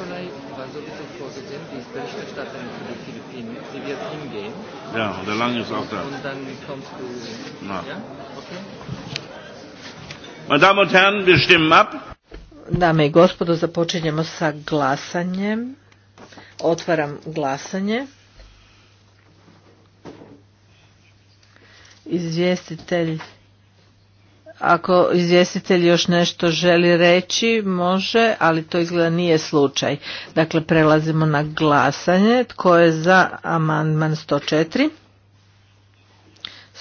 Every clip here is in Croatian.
Nikolai war sowieso vorgesehen, die ist Berichterstatterin für die Philippinen. Sie wird hingehen. Ja, und der Lange ist auch da. Und dann kommst du. Na. Ja? Okay. Meine Damen und Herren, wir stimmen ab. Dame i gospodo, započinjemo sa glasanjem. Otvaram glasanje. Izvjestitelj ako izvjestitelj još nešto želi reći, može, ali to izgleda nije slučaj. Dakle, prelazimo na glasanje. Tko je za amandman 104?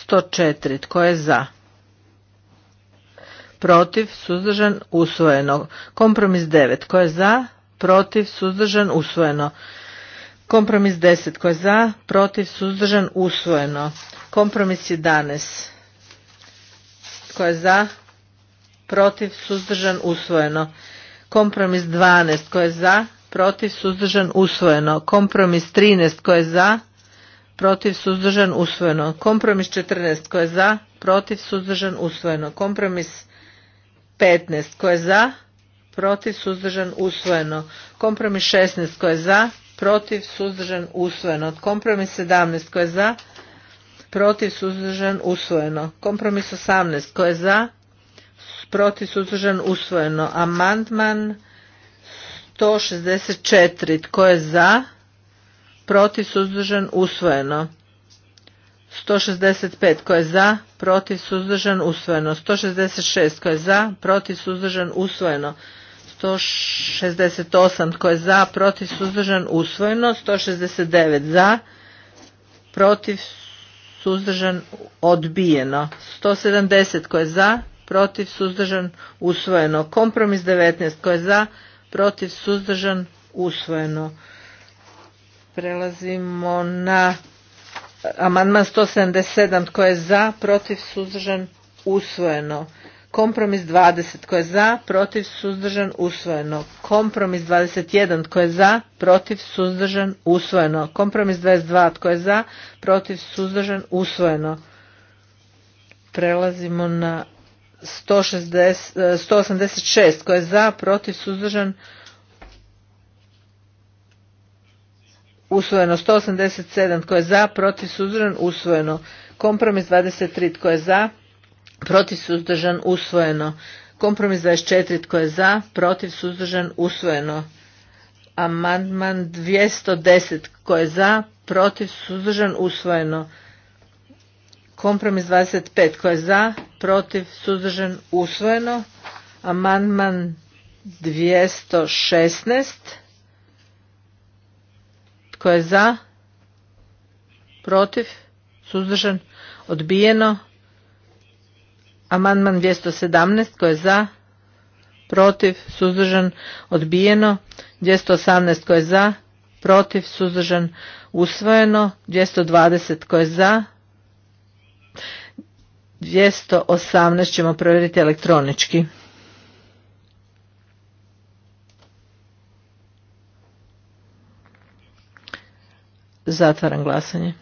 104. Tko je za? Protiv, suzdržan, usvojeno. Kompromis 9. Tko je za? Protiv, suzdržan, usvojeno. Kompromis 10. Tko je za? Protiv, suzdržan, usvojeno. Kompromis 11 tko je za? Protiv? Suzdržan? Usvojeno. Kompromis 12. Tko je za? Protiv? Suzdržan? Usvojeno. Kompromis 13. Tko je za? Protiv? Suzdržan? Usvojeno. Kompromis 14. Tko je za? Protiv? Suzdržan? Usvojeno. Kompromis 15. Tko je za? Protiv? Suzdržan? Usvojeno. Kompromis 16. Tko je za? Protiv? Suzdržan? Usvojeno. Kompromis 17. Tko je za? protiv suzdržan usvojeno. Kompromis 18 tko je za, protiv suzdržan usvojeno. Amandman 164 tko je za, protiv suzdržan usvojeno. 165 tko je za, protiv suzdržan usvojeno. 166 tko je za, protiv suzdržan usvojeno. 168 tko je za, protiv suzdržan usvojeno, 169 za, protiv suzdržan, odbijeno. 170 koje za, protiv, suzdržan, usvojeno. Kompromis 19 koje za, protiv, suzdržan, usvojeno. Prelazimo na eh, amandman 177 koje za, protiv, suzdržan, usvojeno. Kompromis 20 tko je za, protiv, suzdržan, usvojeno. Kompromis 21 tko je za, protiv, suzdržan, usvojeno. Kompromis 22 tko je za, protiv, suzdržan, usvojeno. Prelazimo na 160, 186 tko je za, protiv, suzdržan, usvojeno. 187 tko je za, protiv, suzdržan, usvojeno. Kompromis 23 tko je za, protiv suzdržan usvojeno. Kompromis 24 tko je za, protiv suzdržan usvojeno. Amandman 210 tko je za, protiv suzdržan usvojeno. Kompromis 25 tko je za, protiv suzdržan usvojeno. Amandman 216 tko je za, protiv suzdržan odbijeno. Amandman 217 tko je za, protiv, suzdržan, odbijeno. 218 tko je za, protiv, suzdržan, usvojeno. 220 tko je za, 218 ćemo provjeriti elektronički. Zatvaram glasanje.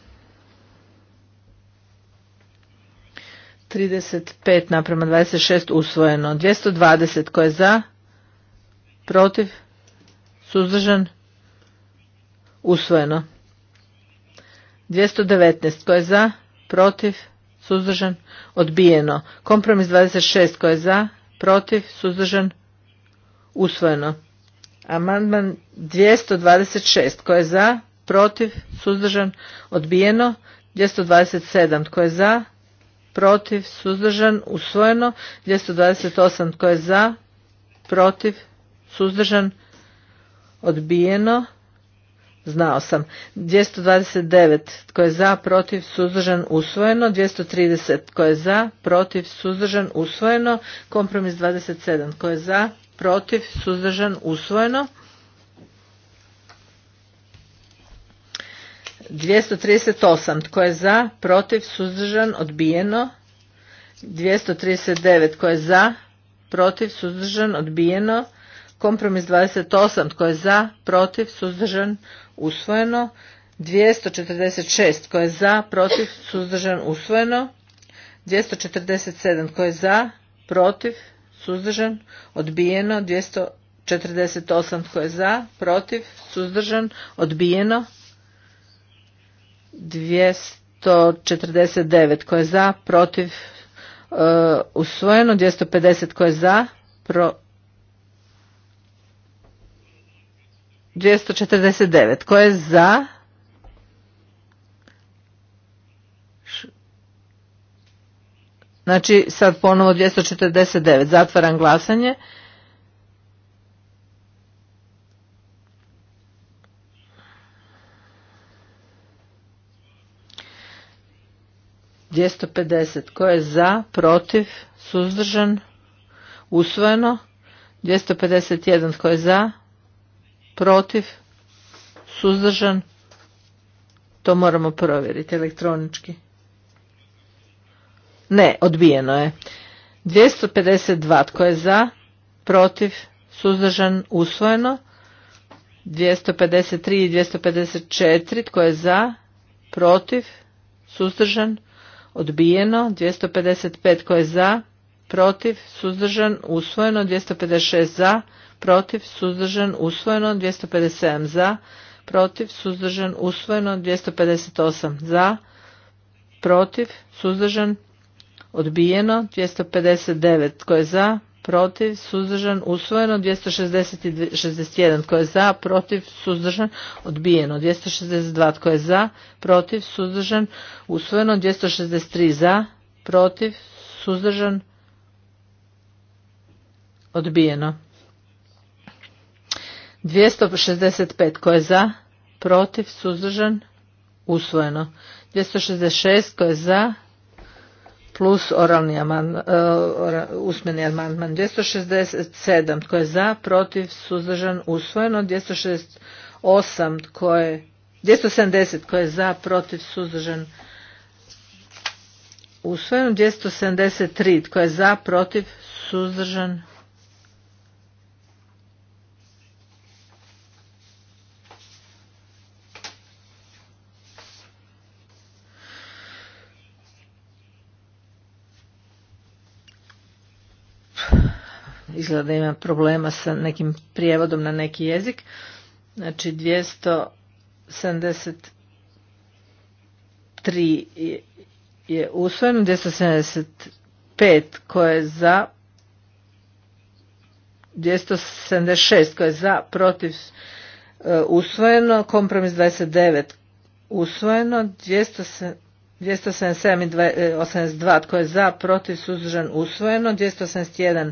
35 naprema 26 usvojeno. 220 koje je za? Protiv? Suzdržan? Usvojeno. 219 koje je za? Protiv? Suzdržan? Odbijeno. Kompromis 26 koje je za? Protiv? Suzdržan? Usvojeno. Amandman 226 koje je za? Protiv? Suzdržan? Odbijeno. 227 koje je za? protiv, suzdržan, usvojeno. 228 tko je za, protiv, suzdržan, odbijeno. Znao sam. 229 tko je za, protiv, suzdržan, usvojeno. 230 tko je za, protiv, suzdržan, usvojeno. Kompromis 27 tko je za, protiv, suzdržan, usvojeno. 238. Tko je za? Protiv? Suzdržan? Odbijeno. 239. Tko je za? Protiv? Suzdržan? Odbijeno. Kompromis 28. Tko je za? Protiv? Suzdržan? Usvojeno. 246. Tko je za? Protiv? Suzdržan? Usvojeno. 247. Tko je za? Protiv? Suzdržan? Odbijeno. 248. Tko je za? Protiv? Suzdržan? Odbijeno. 249 koje je za, protiv, uh, usvojeno. 250 koje je za, pro, 249 koje je za, Znači sad ponovo 249. Zatvaram glasanje. 250. Ko je za, protiv, suzdržan, usvojeno. 251. Tko je za, protiv, suzdržan. To moramo provjeriti elektronički. Ne, odbijeno je. 252. Tko je za, protiv, suzdržan, usvojeno. 253 i 254. Tko je za, protiv, suzdržan, odbijeno 255 koje je za protiv suzdržan usvojeno 256 za protiv suzdržan usvojeno 257 za protiv suzdržan usvojeno 258 za protiv suzdržan odbijeno 259 koje je za protiv, suzdržan, usvojeno, 261 tko je za, protiv, suzdržan, odbijeno, 262 tko je za, protiv, suzdržan, usvojeno, 263 za, protiv, suzdržan, odbijeno. 265 tko je za, protiv, suzdržan, usvojeno. 266 tko je za, plus oralni amandman, e, usmeni amandman 267. Tko je za, protiv, suzdržan, usvojeno. 268. Tko je, 270. Tko je za, protiv, suzdržan, usvojeno. 273. Tko je za, protiv, suzdržan, izgleda da ima problema sa nekim prijevodom na neki jezik. Znači 273 je usvojeno, 275 koje je za, 276 koje je za, protiv e, usvojeno, kompromis 29 usvojeno, 277 i 82 e, tko je za, protiv, suzdržan, usvojeno, 281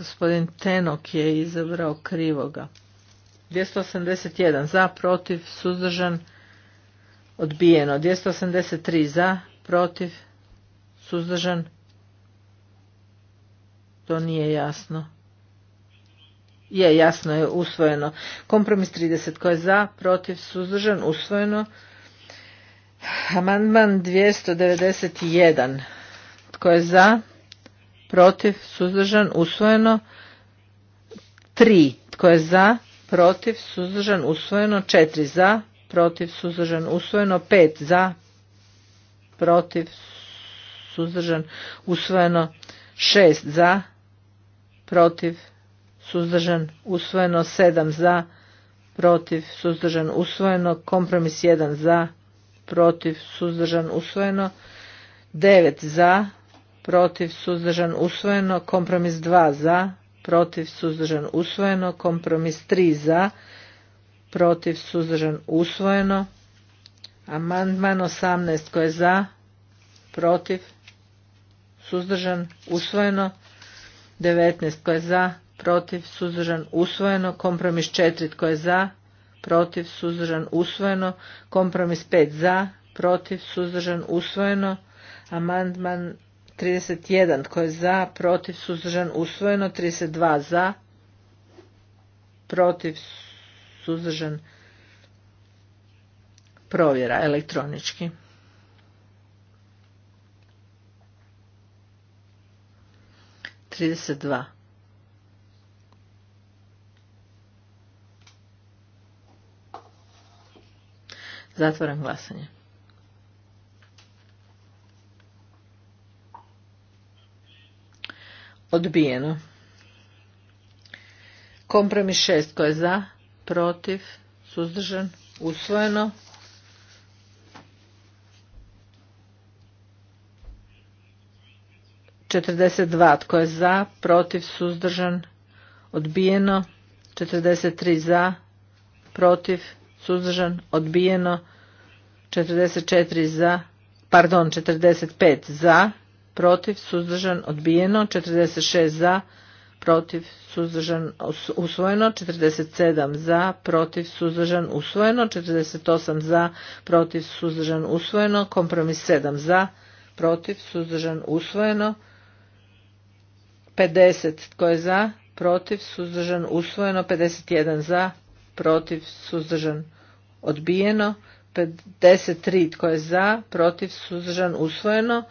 Gospodin Tenok je izabrao krivoga. 281 za, protiv, suzdržan, odbijeno. 283 za, protiv, suzdržan, to nije jasno. Je, jasno je, usvojeno. Kompromis 30, ko je za, protiv, suzdržan, usvojeno. Amandman 291, tko je za, protiv, suzdržan, usvojeno. tri Tko je za, protiv, suzdržan, usvojeno. 4. Za, protiv, suzdržan, usvojeno. pet Za, protiv, suzdržan, usvojeno. šest Za, protiv, suzdržan, usvojeno. sedam Za, protiv, suzdržan, usvojeno. Kompromis jedan Za, protiv, suzdržan, usvojeno. 9. Za, protiv suzdržan usvojeno kompromis 2 za protiv suzdržan usvojeno kompromis 3 za protiv suzdržan usvojeno amandman 18 koje je za protiv suzdržan usvojeno 19 koje je za protiv suzdržan usvojeno kompromis 4 koje je za protiv suzdržan usvojeno kompromis 5 za protiv suzdržan usvojeno amandman 31 tko je za, protiv, suzdržan, usvojeno. 32 za, protiv, suzdržan, provjera elektronički. Trideset dva. Zatvoram glasanje. odbijeno. Kompromis šest koje je za, protiv, suzdržan, usvojeno. Četrdeset dva tko je za, protiv, suzdržan, odbijeno. Četrdeset tri za, protiv, suzdržan, odbijeno. Četrdeset četiri za, pardon, četrdeset pet za, protiv, suzdržan, odbijeno, 46 za, protiv, suzdržan, usvojeno, 47 za, protiv, suzdržan, usvojeno, 48 za, protiv, suzdržan, usvojeno, kompromis 7 za, protiv, suzdržan, usvojeno, 50 tko je za, protiv, suzdržan, usvojeno, 51 za, protiv, suzdržan, odbijeno, 53 tko je za, protiv, suzdržan, usvojeno,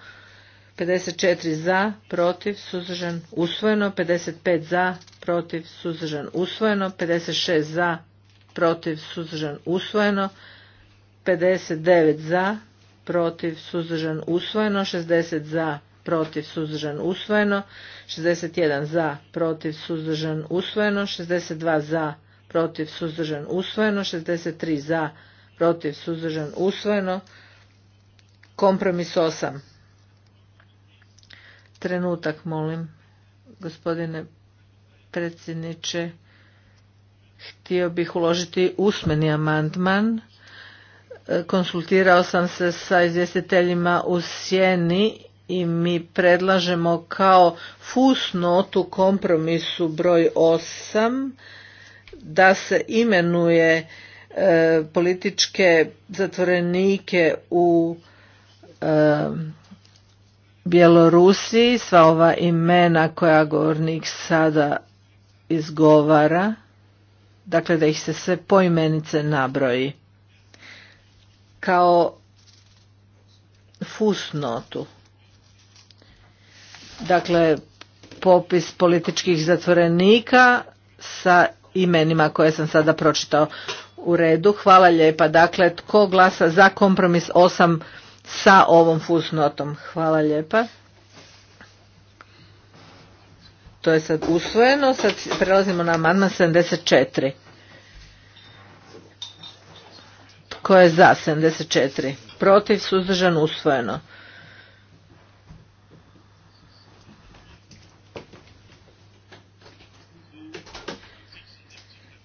54 za, protiv, suzdržan, usvojeno. 55 za, protiv, suzdržan, usvojeno. 56 za, protiv, suzdržan, usvojeno. 59 za, protiv, suzdržan, usvojeno. 60 za, protiv, suzdržan, usvojeno. 61 za, protiv, suzdržan, usvojeno. 62 za, protiv, suzdržan, usvojeno. 63 za, protiv, suzdržan, usvojeno. Kompromis 8 trenutak molim gospodine predsjedniče htio bih uložiti usmeni amandman e, konsultirao sam se sa izvjestiteljima u sjeni i mi predlažemo kao fusnotu kompromisu broj 8 da se imenuje e, političke zatvorenike u e, Bjelorusiji, sva ova imena koja govornik sada izgovara, dakle da ih se sve poimenice nabroji, kao fusnotu. Dakle, popis političkih zatvorenika sa imenima koje sam sada pročitao u redu. Hvala lijepa. Dakle, tko glasa za kompromis osam sa ovom fusnotom. Hvala lijepa. To je sad usvojeno. Sad prelazimo na amandman 74. Tko je za 74? Protiv, suzdržan, usvojeno.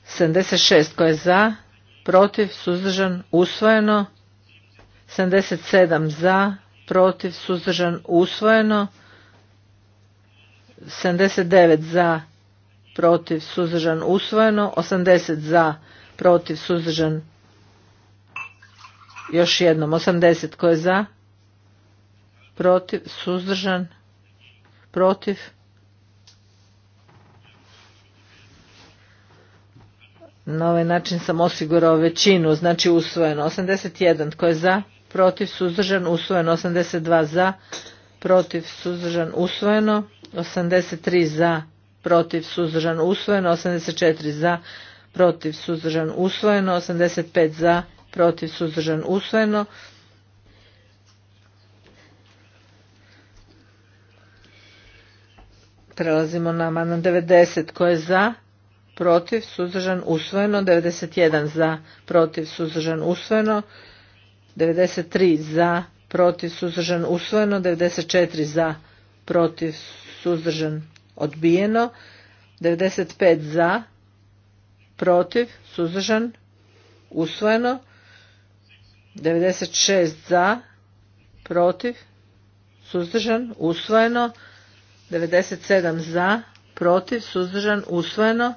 Sedamdeset šest tko je za, protiv, suzdržan, usvojeno. 77 za, protiv, suzdržan, usvojeno. 79 za, protiv, suzdržan, usvojeno. 80 za, protiv, suzdržan, još jednom. 80 koje je za, protiv, suzdržan, protiv. Na ovaj način sam osigurao većinu, znači usvojeno. 81 tko je za, protiv, suzdržan, usvojeno. 82 za, protiv, suzdržan, usvojeno. 83 za, protiv, suzdržan, usvojeno. 84 za, protiv, suzdržan, usvojeno. 85 za, protiv, suzdržan, usvojeno. Prelazimo na amandman 90. koje je za? Protiv, suzdržan, usvojeno. 91 za, protiv, suzdržan, usvojeno. 93 za, protiv, suzdržan, usvojeno. 94 za, protiv, suzdržan, odbijeno. 95 za, protiv, suzdržan, usvojeno. 96 za, protiv, suzdržan, usvojeno. 97 za, protiv, suzdržan, usvojeno.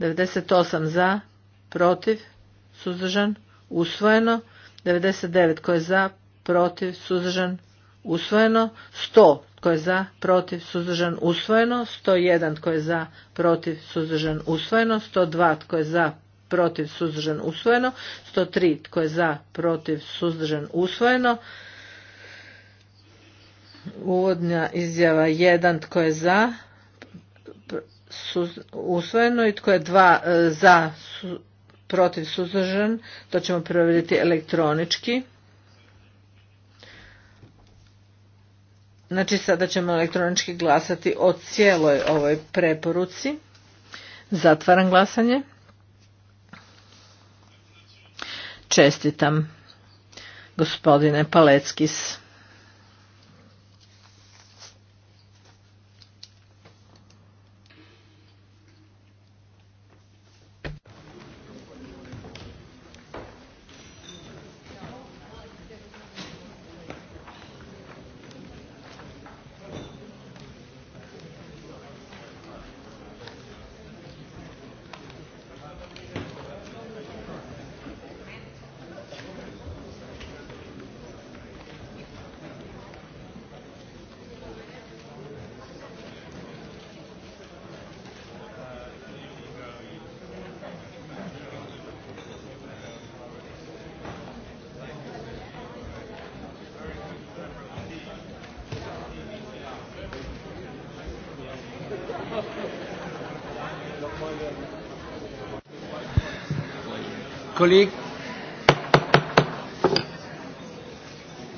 98 za, protiv, suzdržan, usvojeno. 99 tko je za, protiv, suzdržan, usvojeno. 100 tko je za, protiv, suzdržan, usvojeno. 101 tko je za, protiv, suzdržan, usvojeno. 102 tko je za, protiv, suzdržan, usvojeno. 103 tko je za, protiv, suzdržan, usvojeno. Uvodnja izjava 1 tko je za, usvojeno i tko je 2 e, za, protiv, suzdržan. To ćemo provjeriti elektronički. Znači sada ćemo elektronički glasati o cijeloj ovoj preporuci. Zatvaram glasanje. Čestitam gospodine Paleckis. colleague.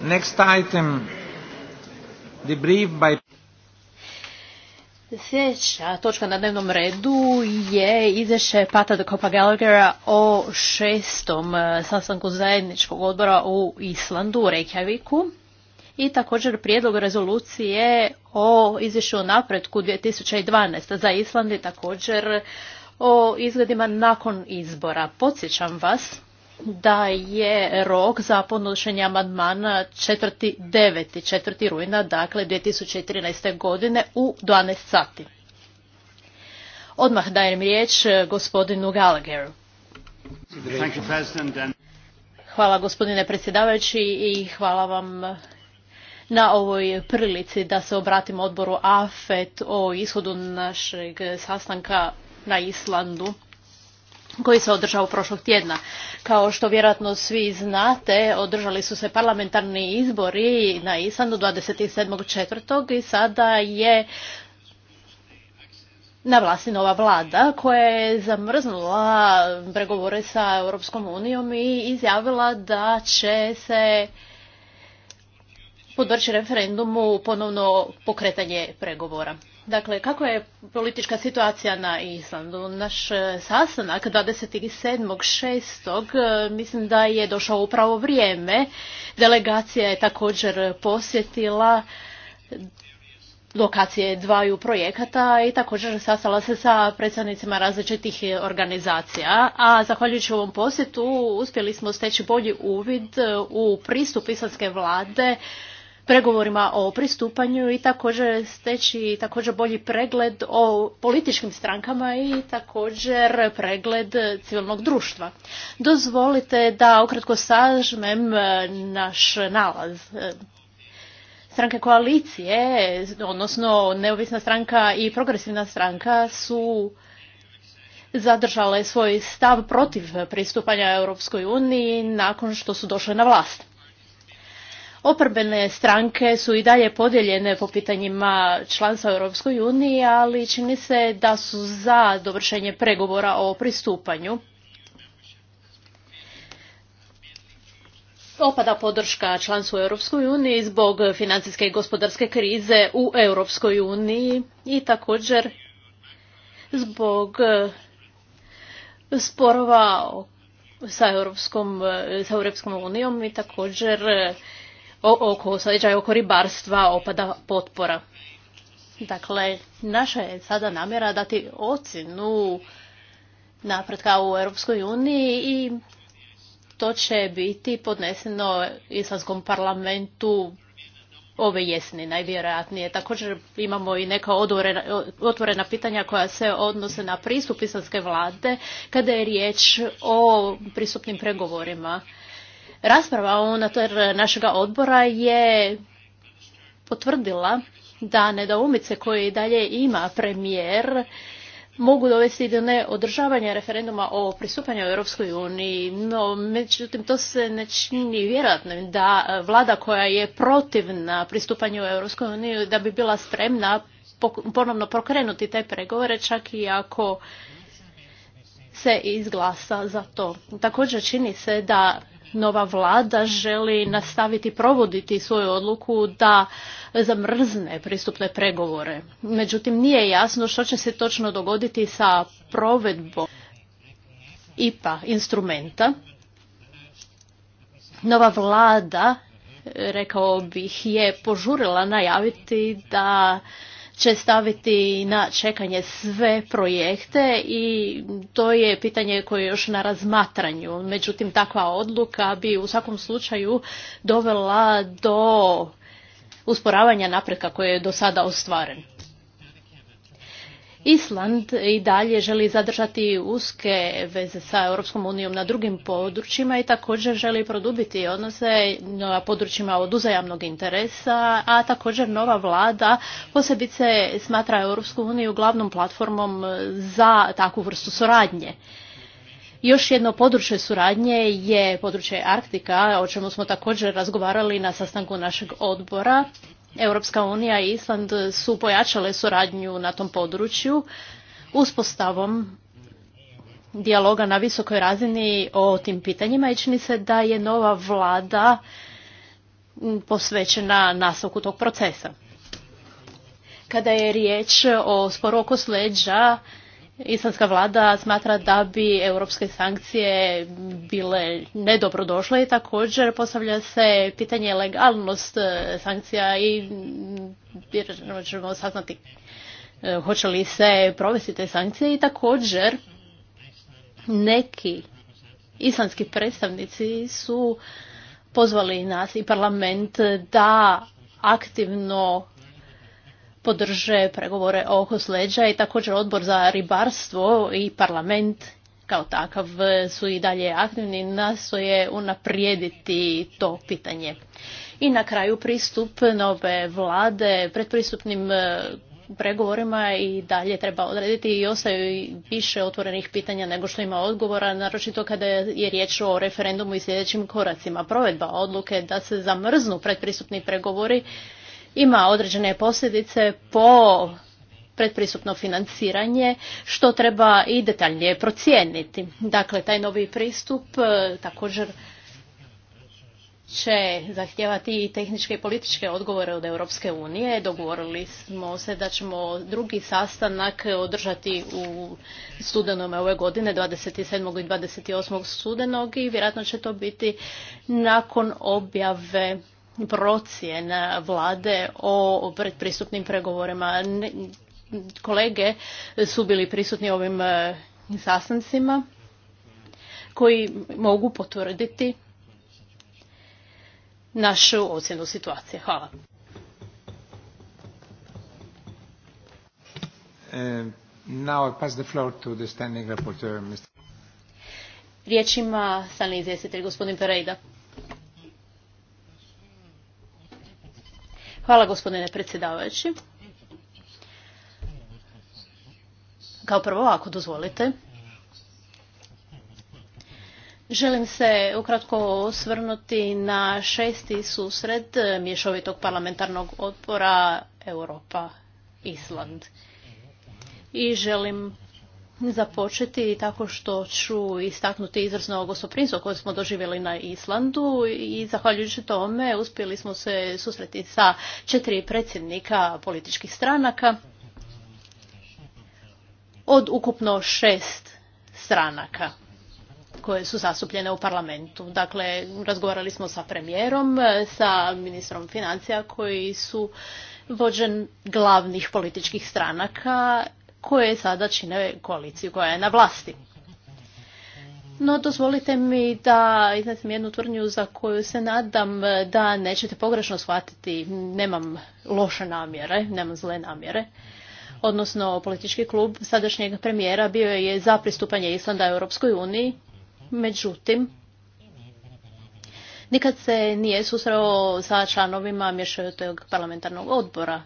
Next item, the Sljedeća točka na dnevnom redu je izvješće Pata de Copa Gallaghera o šestom eh, sastanku zajedničkog odbora u Islandu, u Reykjaviku i također prijedlog rezolucije o izvješću o napretku 2012. za Island i također o izgledima nakon izbora. Podsjećam vas da je rok za podnošenje amandmana 4.9.4. rujna, dakle 2013. godine u 12 sati. Odmah dajem riječ gospodinu Gallagheru. Hvala gospodine predsjedavajući i hvala vam na ovoj prilici da se obratimo odboru AFET o ishodu našeg sastanka na Islandu koji se održao prošlog tjedna. Kao što vjerojatno svi znate, održali su se parlamentarni izbori na Islandu 27.4. i sada je na vlasti nova vlada koja je zamrznula pregovore sa Europskom unijom i izjavila da će se podvrći referendumu ponovno pokretanje pregovora. Dakle, kako je politička situacija na Islandu? Naš e, sastanak 27.6. E, mislim da je došao upravo vrijeme. Delegacija je također posjetila lokacije dvaju projekata i također sastala se sa predstavnicima različitih organizacija. A zahvaljujući ovom posjetu uspjeli smo steći bolji uvid e, u pristup islandske vlade pregovorima o pristupanju i također steći također bolji pregled o političkim strankama i također pregled civilnog društva. Dozvolite da okratko sažmem e, naš nalaz e, stranke koalicije, odnosno neovisna stranka i progresivna stranka su zadržale svoj stav protiv pristupanja Europskoj uniji nakon što su došle na vlast. Oprbene stranke su i dalje podijeljene po pitanjima članstva u Europskoj uniji, ali čini se da su za dovršenje pregovora o pristupanju. Opada podrška članstvu u Europskoj uniji zbog financijske i gospodarske krize u Europskoj uniji i također zbog eh, sporova sa Europskom, eh, sa Europskom unijom i također eh, oko sadržaj oko ribarstva opada potpora. Dakle, naša je sada namjera dati ocjenu napretka u Europskoj uniji i to će biti podneseno Islamskom parlamentu ove jesni najvjerojatnije. Također imamo i neka otvorena pitanja koja se odnose na pristup islamske vlade kada je riječ o pristupnim pregovorima. Rasprava unutar našega odbora je potvrdila da nedoumice koje i dalje ima premijer mogu dovesti do neodržavanja referenduma o pristupanju Europskoj uniji, no međutim to se ne čini vjerojatno da vlada koja je protivna pristupanju Europskoj uniji da bi bila spremna ponovno pokrenuti te pregovore čak i ako se izglasa za to. Također čini se da nova vlada želi nastaviti provoditi svoju odluku da zamrzne pristupne pregovore. Međutim, nije jasno što će se točno dogoditi sa provedbom IPA instrumenta. Nova vlada, rekao bih, je požurila najaviti da će staviti na čekanje sve projekte i to je pitanje koje je još na razmatranju. Međutim, takva odluka bi u svakom slučaju dovela do usporavanja napretka koji je do sada ostvaren. Island i dalje želi zadržati uske veze sa Europskom unijom na drugim područjima i također želi produbiti odnose na područjima od uzajamnog interesa, a također nova vlada posebice smatra Europsku uniju glavnom platformom za takvu vrstu suradnje. Još jedno područje suradnje je područje Arktika, o čemu smo također razgovarali na sastanku našeg odbora Europska unija i Island su pojačale suradnju na tom području uspostavom dijaloga na visokoj razini o tim pitanjima i čini se da je nova vlada posvećena nastavku tog procesa. Kada je riječ o sporoku sleđa, Islamska vlada smatra da bi europske sankcije bile nedobrodošle i također postavlja se pitanje legalnost e, sankcija i ćemo saznati e, hoće li se provesti te sankcije i također neki islamski predstavnici su pozvali nas i parlament da aktivno podrže pregovore oko sleđa i također odbor za ribarstvo i parlament kao takav su i dalje aktivni nastoje unaprijediti to pitanje. I na kraju pristup nove vlade predpristupnim e, pregovorima i dalje treba odrediti i ostaju više otvorenih pitanja nego što ima odgovora, naročito kada je riječ o referendumu i sljedećim koracima. Provedba odluke da se zamrznu predpristupni pregovori ima određene posljedice po pretpristupno financiranje, što treba i detaljnije procijeniti. Dakle, taj novi pristup e, također će zahtijevati i tehničke i političke odgovore od Europske unije. Dogovorili smo se da ćemo drugi sastanak održati u studenome ove godine, 27. i 28. studenog i vjerojatno će to biti nakon objave procjena vlade o predpristupnim pregovorima. Kolege su bili prisutni ovim e, sastancima koji mogu potvrditi našu ocjenu situacije. Hvala. E, Riječ ima izvjestitelj gospodin Pereida. Hvala gospodine predsjedavajući. Kao prvo, ako dozvolite, Želim se ukratko osvrnuti na šesti susret mješovitog parlamentarnog odbora Europa Island. I želim započeti tako što ću istaknuti izvrsno gostoprimstvo koje smo doživjeli na Islandu i zahvaljujući tome uspjeli smo se susreti sa četiri predsjednika političkih stranaka od ukupno šest stranaka koje su zastupljene u parlamentu. Dakle, razgovarali smo sa premijerom, sa ministrom financija koji su vođen glavnih političkih stranaka koje sada čine koaliciju koja je na vlasti. No, dozvolite mi da iznesem jednu tvrdnju za koju se nadam da nećete pogrešno shvatiti. Nemam loše namjere, nemam zle namjere. Odnosno, politički klub sadašnjeg premijera bio je za pristupanje Islanda Europskoj uniji. Međutim, nikad se nije susreo sa članovima mješajotog parlamentarnog odbora.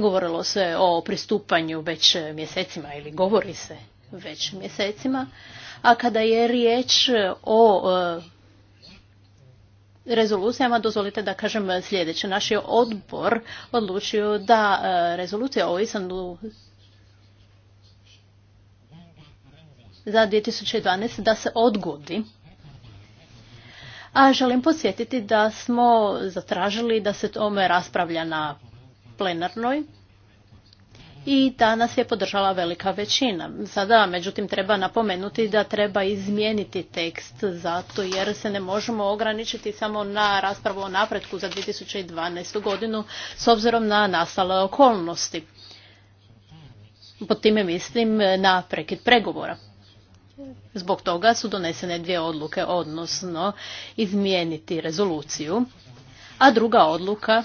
Govorilo se o pristupanju već mjesecima ili govori se već mjesecima, a kada je riječ o e, rezolucijama, dozvolite da kažem sljedeće. Naš je odbor odlučio da e, rezolucija o Islandu za 2012. da se odgodi. A želim posjetiti da smo zatražili da se tome raspravlja na plenarnoj i danas je podržala velika većina. Sada, međutim, treba napomenuti da treba izmijeniti tekst zato jer se ne možemo ograničiti samo na raspravu o napretku za 2012. godinu s obzirom na nastale okolnosti. Pod time mislim na prekid pregovora. Zbog toga su donesene dvije odluke, odnosno izmijeniti rezoluciju, a druga odluka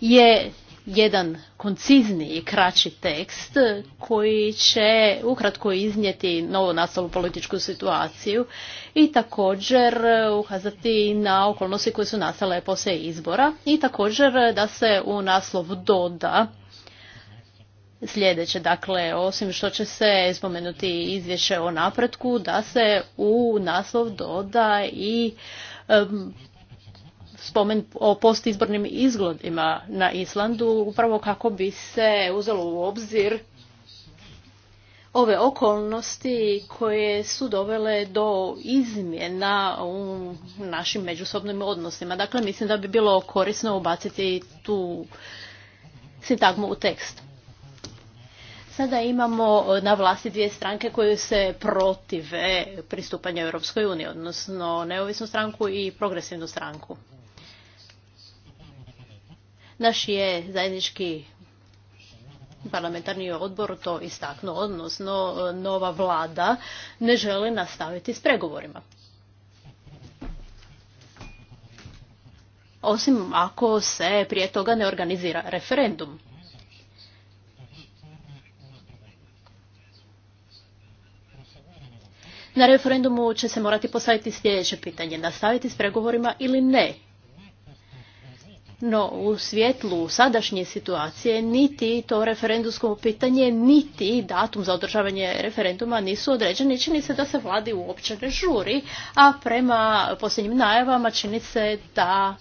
je jedan koncizni i kraći tekst koji će ukratko iznijeti novo nastalu političku situaciju i također ukazati na okolnosti koje su nastale poslije izbora i također da se u naslov doda sljedeće. Dakle, osim što će se spomenuti izvješće o napretku, da se u naslov doda i spomen o postizbornim izgledima na Islandu upravo kako bi se uzelo u obzir ove okolnosti koje su dovele do izmjena u našim međusobnim odnosima. Dakle, mislim da bi bilo korisno ubaciti tu sintagmu u tekst. Sada imamo na vlasti dvije stranke koje se protive pristupanju Europskoj uniji, odnosno neovisnu stranku i progresivnu stranku. Naš je zajednički parlamentarni odbor to istaknuo, odnosno e, nova vlada ne želi nastaviti s pregovorima. Osim ako se prije toga ne organizira referendum. Na referendumu će se morati postaviti sljedeće pitanje, nastaviti s pregovorima ili ne, no, u svjetlu sadašnje situacije niti to referendumsko pitanje, niti datum za održavanje referenduma nisu određeni. Čini se da se vladi uopće ne žuri, a prema posljednjim najavama čini se da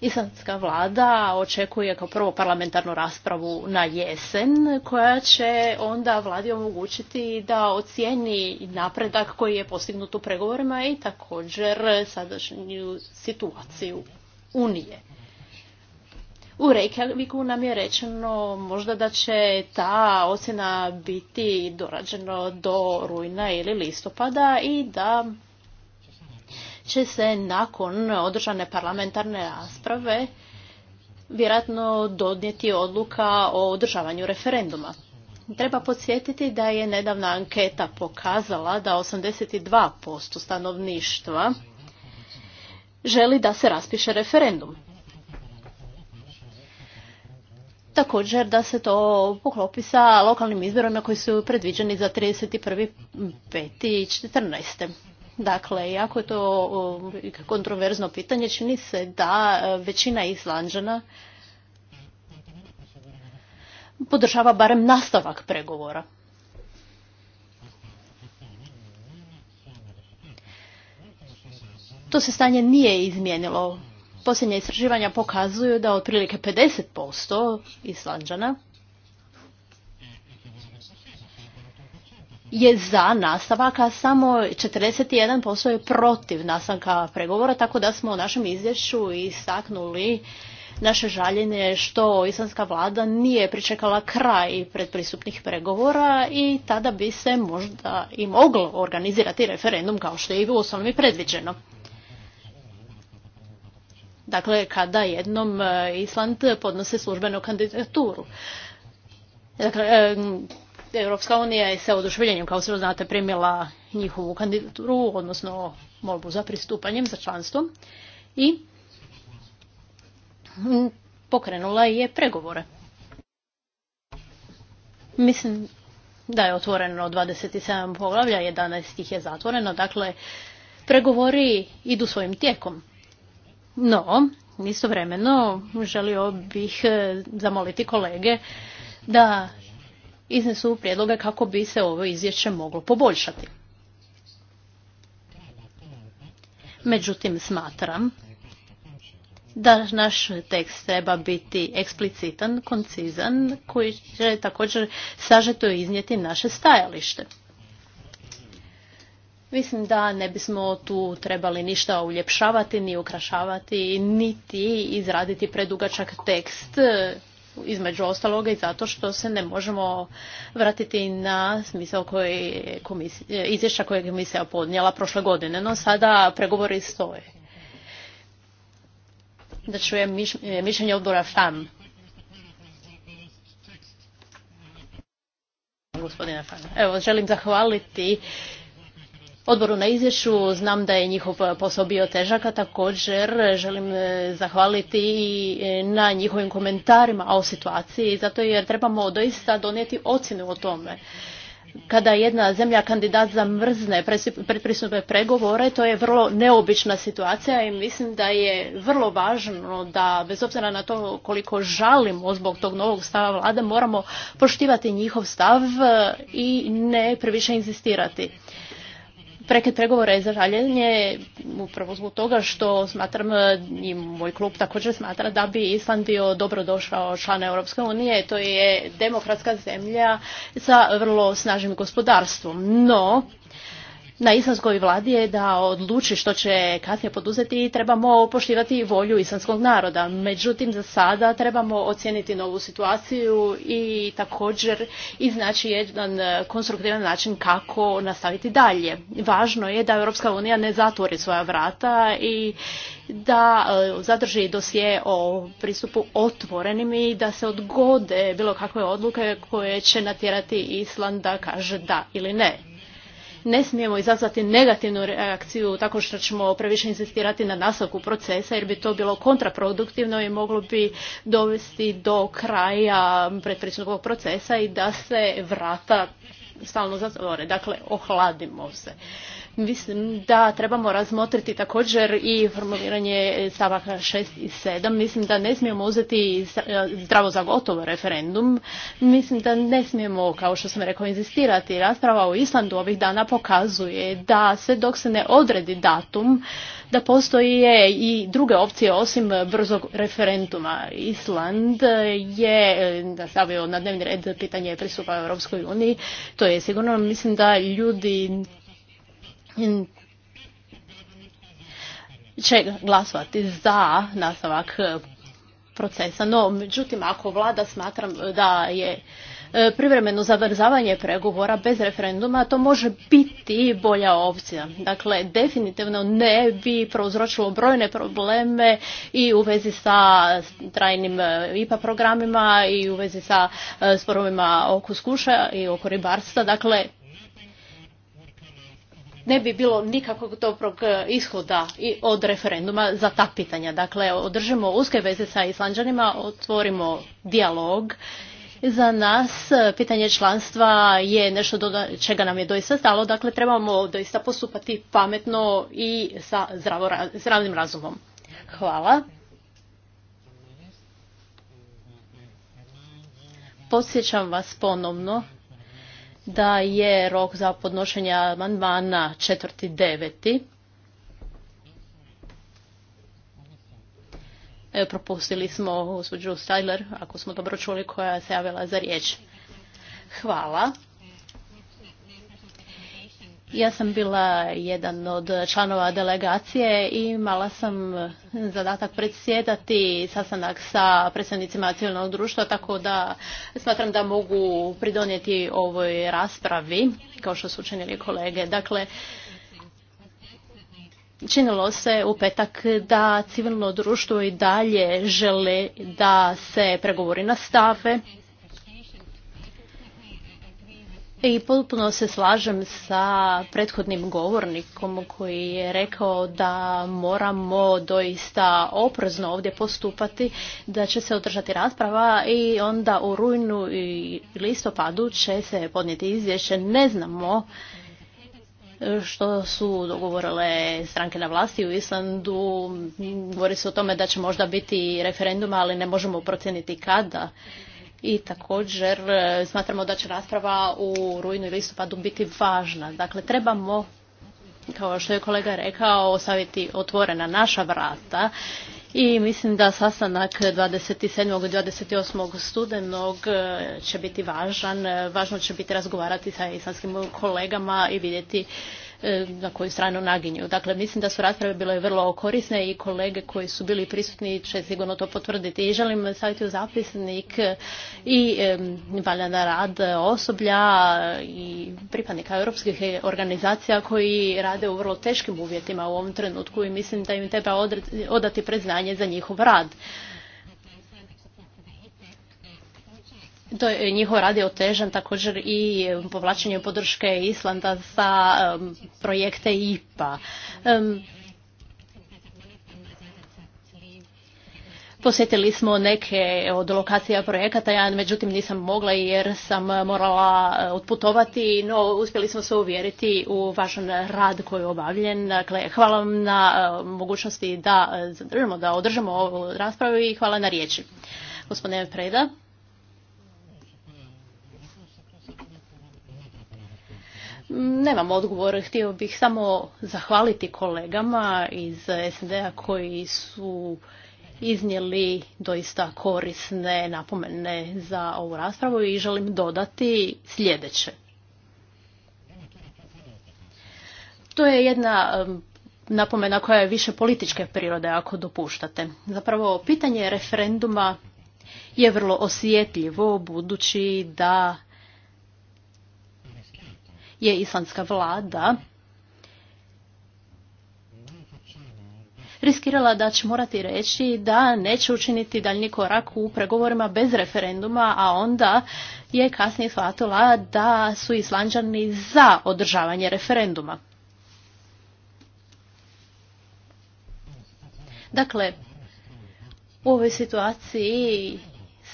Islandska vlada očekuje kao prvo parlamentarnu raspravu na jesen koja će onda vladi omogućiti da ocijeni napredak koji je postignut u pregovorima i također sadašnju situaciju unije. U Reykjaviku nam je rečeno možda da će ta ocjena biti dorađena do rujna ili listopada i da će se nakon održane parlamentarne rasprave vjerojatno donijeti odluka o održavanju referenduma. Treba podsjetiti da je nedavna anketa pokazala da 82% stanovništva želi da se raspiše referendum. Također da se to poklopi sa lokalnim izborima koji su predviđeni za 31.5.14. Dakle, iako je to um, kontroverzno pitanje, čini se da uh, većina Islanđana podržava barem nastavak pregovora. to se stanje nije izmijenilo. Posljednje istraživanja pokazuju da otprilike 50% Islanđana je za nastavak, a samo 41% je protiv nastanka pregovora, tako da smo u našem izvješću istaknuli naše žaljenje što islamska vlada nije pričekala kraj predpristupnih pregovora i tada bi se možda i moglo organizirati referendum kao što je i u osnovnom i predviđeno. Dakle, kada jednom e, Island podnose službenu kandidaturu. Dakle, e, Europska unija je sa oduševljenjem, kao što znate, primila njihovu kandidaturu, odnosno molbu za pristupanjem, za članstvo i pokrenula je pregovore. Mislim da je otvoreno 27 poglavlja, 11 ih je zatvoreno, dakle pregovori idu svojim tijekom. No, istovremeno želio bih e, zamoliti kolege da iznesu prijedloge kako bi se ovo izvješće moglo poboljšati. Međutim, smatram da naš tekst treba biti eksplicitan, koncizan, koji će također sažeto iznijeti naše stajalište. Mislim da ne bismo tu trebali ništa uljepšavati, ni ukrašavati, niti izraditi predugačak tekst, e, između ostaloga i zato što se ne možemo vratiti na smisao koji komisija, e, izvješća koje je komisija podnijela prošle godine, no sada pregovori stoje. Da čujem e, mišljenje odbora FAM. FAM. Evo, želim zahvaliti odboru na izvješću. Znam da je njihov posao bio težak, a također želim e, zahvaliti i e, na njihovim komentarima o situaciji, zato jer trebamo doista donijeti ocjenu o tome. Kada jedna zemlja kandidat zamrzne predpristupne pregovore, to je vrlo neobična situacija i mislim da je vrlo važno da, bez obzira na to koliko žalimo zbog tog novog stava vlade, moramo poštivati njihov stav e, i ne previše inzistirati prekid pregovora je žaljenje upravo zbog toga što smatram i moj klub također smatra da bi Island bio dobrodošao član Europske unije. To je demokratska zemlja sa vrlo snažnim gospodarstvom. No, na islamskoj vladi je da odluči što će kasnije poduzeti i trebamo poštivati volju islamskog naroda. Međutim, za sada trebamo ocijeniti novu situaciju i također iznaći jedan konstruktivan način kako nastaviti dalje. Važno je da Europska unija ne zatvori svoja vrata i da e, zadrži dosje o pristupu otvorenim i da se odgode bilo kakve odluke koje će natjerati Island da kaže da ili ne ne smijemo izazvati negativnu reakciju tako što ćemo previše insistirati na nastavku procesa jer bi to bilo kontraproduktivno i moglo bi dovesti do kraja pretpristupnog procesa i da se vrata stalno zatvore. Dakle, ohladimo se. Mislim da trebamo razmotriti također i formuliranje stavaka 6 i 7. Mislim da ne smijemo uzeti zdravo za gotovo referendum. Mislim da ne smijemo, kao što sam rekao, inzistirati. Rasprava o Islandu ovih dana pokazuje da sve dok se ne odredi datum, da postoje i druge opcije osim brzog referenduma. Island je stavio na dnevni red pitanje pristupa Europskoj uniji. To je sigurno, mislim da ljudi će glasovati za nastavak e, procesa. No, međutim, ako vlada smatra da je e, privremeno zavrzavanje pregovora bez referenduma, to može biti bolja opcija. Dakle, definitivno ne bi prouzročilo brojne probleme i u vezi sa trajnim e, IPA programima i u vezi sa sporovima oko skuša i oko ribarstva. Dakle, ne bi bilo nikakvog dobrog e, ishoda i od referenduma za ta pitanja. Dakle, održimo uske veze sa Islanđanima, otvorimo dijalog. Za nas e, pitanje članstva je nešto do čega nam je doista stalo, dakle trebamo doista postupati pametno i sa zdravim razumom. Hvala. Podsjećam vas ponovno da je rok za podnošenje amandmana četvrti deveti. Propustili smo gospođu Stajler, ako smo dobro čuli, koja se javila za riječ. Hvala. Ja sam bila jedan od članova delegacije i imala sam zadatak predsjedati sastanak sa predstavnicima civilnog društva, tako da smatram da mogu pridonijeti ovoj raspravi, kao što su učinili kolege. Dakle, činilo se u petak da civilno društvo i dalje žele da se pregovori nastave, i potpuno se slažem sa prethodnim govornikom koji je rekao da moramo doista oprezno ovdje postupati, da će se održati rasprava i onda u rujnu i listopadu će se podnijeti izvješće. Ne znamo što su dogovorile stranke na vlasti u Islandu. Govori se o tome da će možda biti referenduma, ali ne možemo procijeniti kada i također e, smatramo da će rasprava u rujnu i listopadu biti važna. Dakle, trebamo, kao što je kolega rekao, ostaviti otvorena naša vrata i mislim da sastanak 27. i 28. studenog e, će biti važan. E, važno će biti razgovarati sa islamskim kolegama i vidjeti E, na koju stranu naginju. Dakle, mislim da su rasprave bile vrlo korisne i kolege koji su bili prisutni će sigurno to potvrditi. I želim staviti u zapisnik e, i na rad osoblja i pripadnika europskih organizacija koji rade u vrlo teškim uvjetima u ovom trenutku i mislim da im treba odati priznanje za njihov rad. to je eh, njihov rad je otežan također i eh, povlačenje podrške Islanda za projekte IPA. Posjetili smo neke od lokacija projekata, ja međutim nisam mogla jer sam morala eh, otputovati, no uspjeli smo se uvjeriti u važan rad koji je obavljen. Dakle, hvala vam na mogućnosti da zadržimo, da održamo ovu raspravu i hvala na riječi. Gospodine Preda. Nemam odgovor, htio bih samo zahvaliti kolegama iz SND-a koji su iznijeli doista korisne napomene za ovu raspravu i želim dodati sljedeće. To je jedna napomena koja je više političke prirode, ako dopuštate. Zapravo, pitanje referenduma je vrlo osjetljivo, budući da je islandska vlada riskirala da će morati reći da neće učiniti daljnji korak u pregovorima bez referenduma, a onda je kasnije shvatila da su islanđani za održavanje referenduma. Dakle, u ovoj situaciji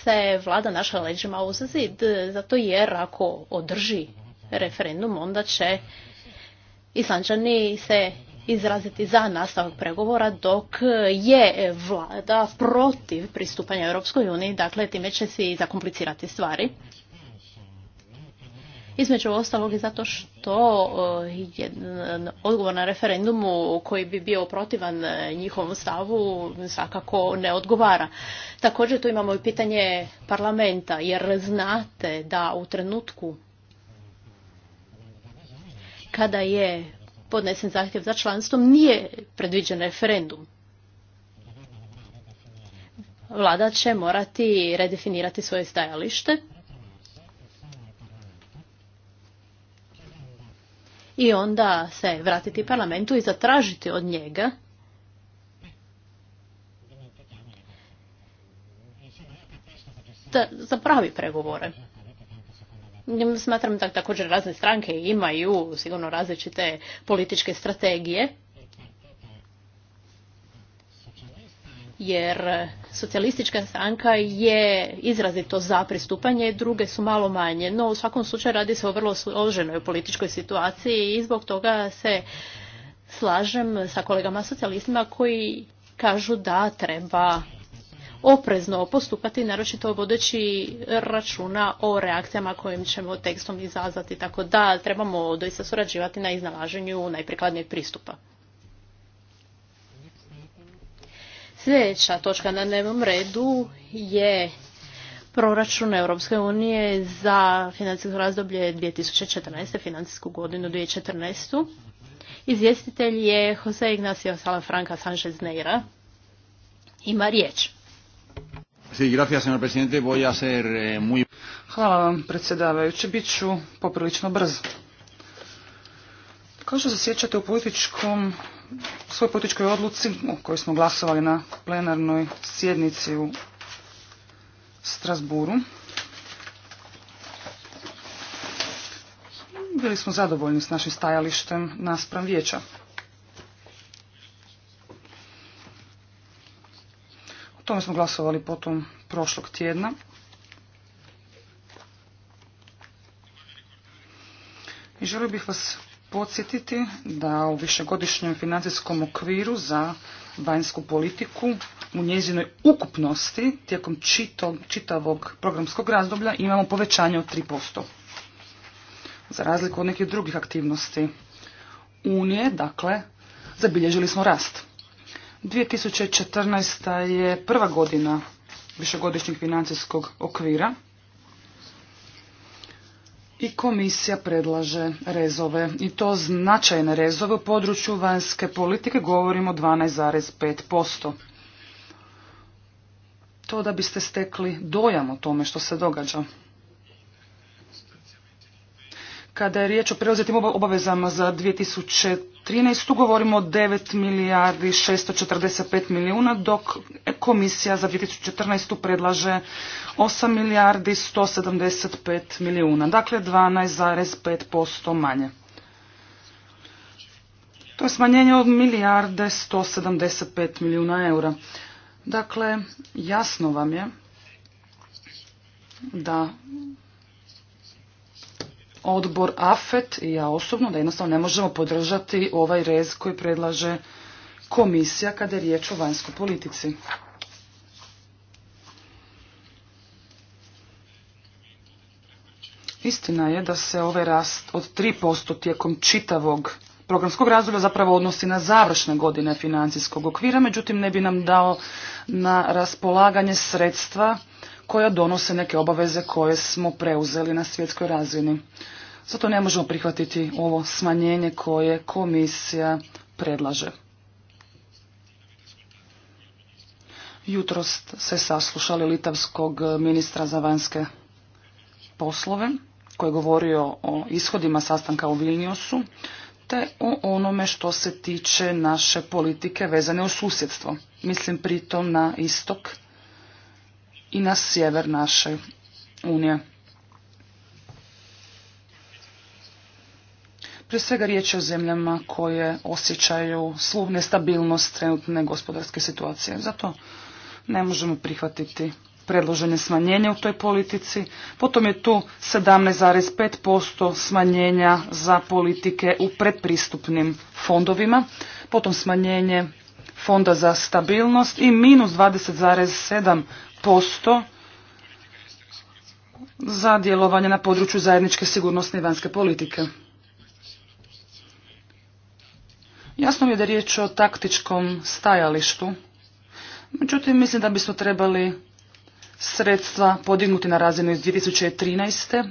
se vlada našla leđima uz zid, zato jer ako održi referendum, onda će Islančani se izraziti za nastavak pregovora dok je vlada protiv pristupanja Europskoj uniji, dakle time će i zakomplicirati stvari. Između ostalog i zato što eh, odgovor na referendumu koji bi bio protivan eh, njihovom stavu svakako ne odgovara. Također tu imamo i pitanje parlamenta jer znate da u trenutku kada je podnesen zahtjev za članstvom nije predviđen referendum. Vlada će morati redefinirati svoje stajalište. I onda se vratiti parlamentu i zatražiti od njega da zapravi pregovore. Smatram da također razne stranke imaju sigurno različite političke strategije. Jer socijalistička stranka je izrazito za pristupanje, druge su malo manje. No u svakom slučaju radi se o vrlo složenoj političkoj situaciji i zbog toga se slažem sa kolegama socijalistima koji kažu da treba oprezno postupati, naročito vodeći računa o reakcijama kojim ćemo tekstom izazvati, tako da trebamo doista surađivati na iznalaženju najprikladnijeg pristupa. Sljedeća točka na dnevnom redu je proračun Europske unije za financijsko razdoblje 2014. financijsku godinu 2014. Izvjestitelj je Jose Ignacio Salafranca Sanchez Neira. Ima riječ. Eh, Hvala vam, predsjedavajući. Biću poprilično brz. Kao što se sjećate u političkom, svojoj političkoj odluci o kojoj smo glasovali na plenarnoj sjednici u Strasburu, bili smo zadovoljni s našim stajalištem naspram vijeća. tome smo glasovali potom prošlog tjedna. I želio bih vas podsjetiti da u višegodišnjem financijskom okviru za vanjsku politiku u njezinoj ukupnosti tijekom čitog, čitavog programskog razdoblja imamo povećanje od 3%. Za razliku od nekih drugih aktivnosti Unije, dakle, zabilježili smo rast. 2014. je prva godina višegodišnjeg financijskog okvira i komisija predlaže rezove i to značajne rezove u području vanjske politike govorimo 12,5%. To da biste stekli dojam o tome što se događa. Kada je riječ o preuzetim obavezama za 2013. govorimo o 9 milijardi 645 milijuna, dok komisija za 2014. predlaže 8 milijardi 175 milijuna, dakle 12,5% manje. To je smanjenje od milijarde 175 milijuna eura. Dakle, jasno vam je da odbor AFET i ja osobno da jednostavno ne možemo podržati ovaj rez koji predlaže komisija kada je riječ o vanjskoj politici. Istina je da se ovaj rast od 3% tijekom čitavog programskog razdoblja zapravo odnosi na završne godine financijskog okvira, međutim ne bi nam dao na raspolaganje sredstva koja donose neke obaveze koje smo preuzeli na svjetskoj razini. Zato ne možemo prihvatiti ovo smanjenje koje komisija predlaže. Jutro se saslušali litavskog ministra za vanjske poslove koji je govorio o ishodima sastanka u Vilniusu te o onome što se tiče naše politike vezane u susjedstvo. Mislim pritom na istok i na sjever naše unije. Prije svega riječ je o zemljama koje osjećaju svu nestabilnost trenutne gospodarske situacije. Zato ne možemo prihvatiti predložene smanjenje u toj politici. Potom je tu 17,5% smanjenja za politike u predpristupnim fondovima. Potom smanjenje fonda za stabilnost i minus 20,7% posto za djelovanje na području zajedničke sigurnosne i vanjske politike. Jasno mi je da je riječ o taktičkom stajalištu, međutim mislim da bismo trebali sredstva podignuti na razinu iz 2013.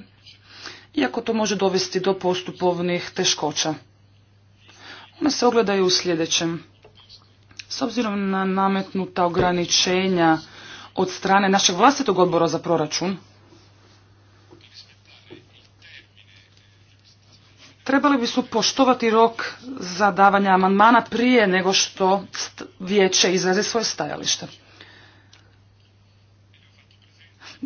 iako to može dovesti do postupovnih teškoća. One se ogledaju u sljedećem. S obzirom na nametnuta ograničenja od strane našeg vlastitog odbora za proračun, trebali bi su poštovati rok za davanje amandmana prije nego što vijeće izraze svoje stajalište.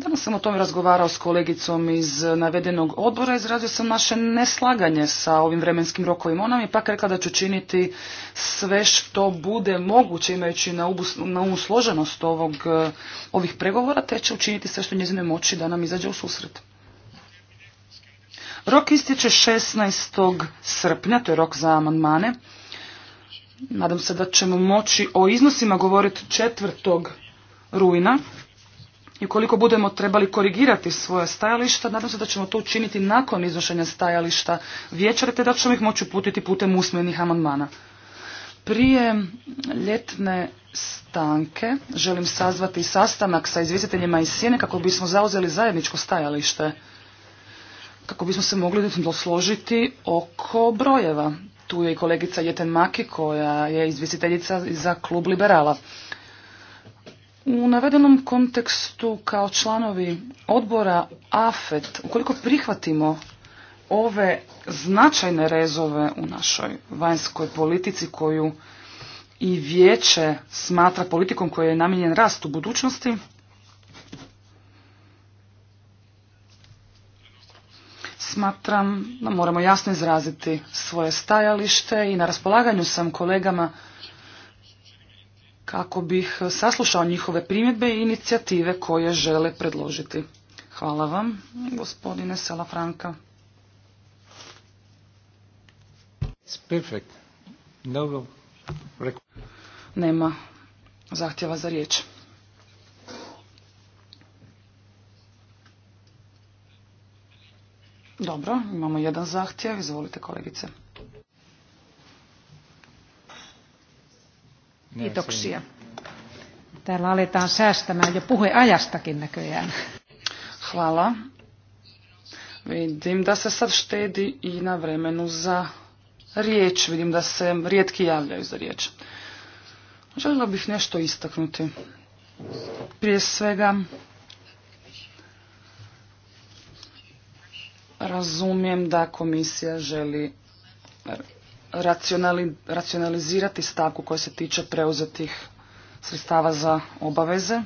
Danas sam o tome razgovarao s kolegicom iz navedenog odbora, izrazio sam naše neslaganje sa ovim vremenskim rokovima. Ona mi je pak rekla da ću činiti sve što bude moguće imajući na, usloženost umu složenost ovog, eh, ovih pregovora, te će učiniti sve što njezine moći da nam izađe u susret. Rok istječe 16. srpnja, to je rok za amandmane. Nadam se da ćemo moći o iznosima govoriti 4. rujna. I ukoliko budemo trebali korigirati svoje stajališta, nadam se da ćemo to učiniti nakon iznošenja stajališta vječera, te da ćemo ih moći putiti putem usmenih amandmana. Prije ljetne stanke želim sazvati sastanak sa izvjestiteljima iz Sjene kako bismo zauzeli zajedničko stajalište, kako bismo se mogli dosložiti oko brojeva. Tu je i kolegica Jeten Maki koja je izvjestiteljica za klub liberala. U navedenom kontekstu kao članovi odbora AFET, ukoliko prihvatimo ove značajne rezove u našoj vanjskoj politici koju i vijeće smatra politikom koji je namijenjen rast u budućnosti, smatram da moramo jasno izraziti svoje stajalište i na raspolaganju sam kolegama kako bih saslušao njihove primjedbe i inicijative koje žele predložiti. Hvala vam, gospodine Salafranka. No... Nema zahtjeva za riječ. Dobro, imamo jedan zahtjev. Izvolite kolegice. Hvala. Vidim da se sad štedi i na vremenu za riječ. Vidim da se rijetki javljaju za riječ. Željela bih nešto istaknuti. Prije svega razumijem da komisija želi racionalizirati stavku koja se tiče preuzetih sredstava za obaveze,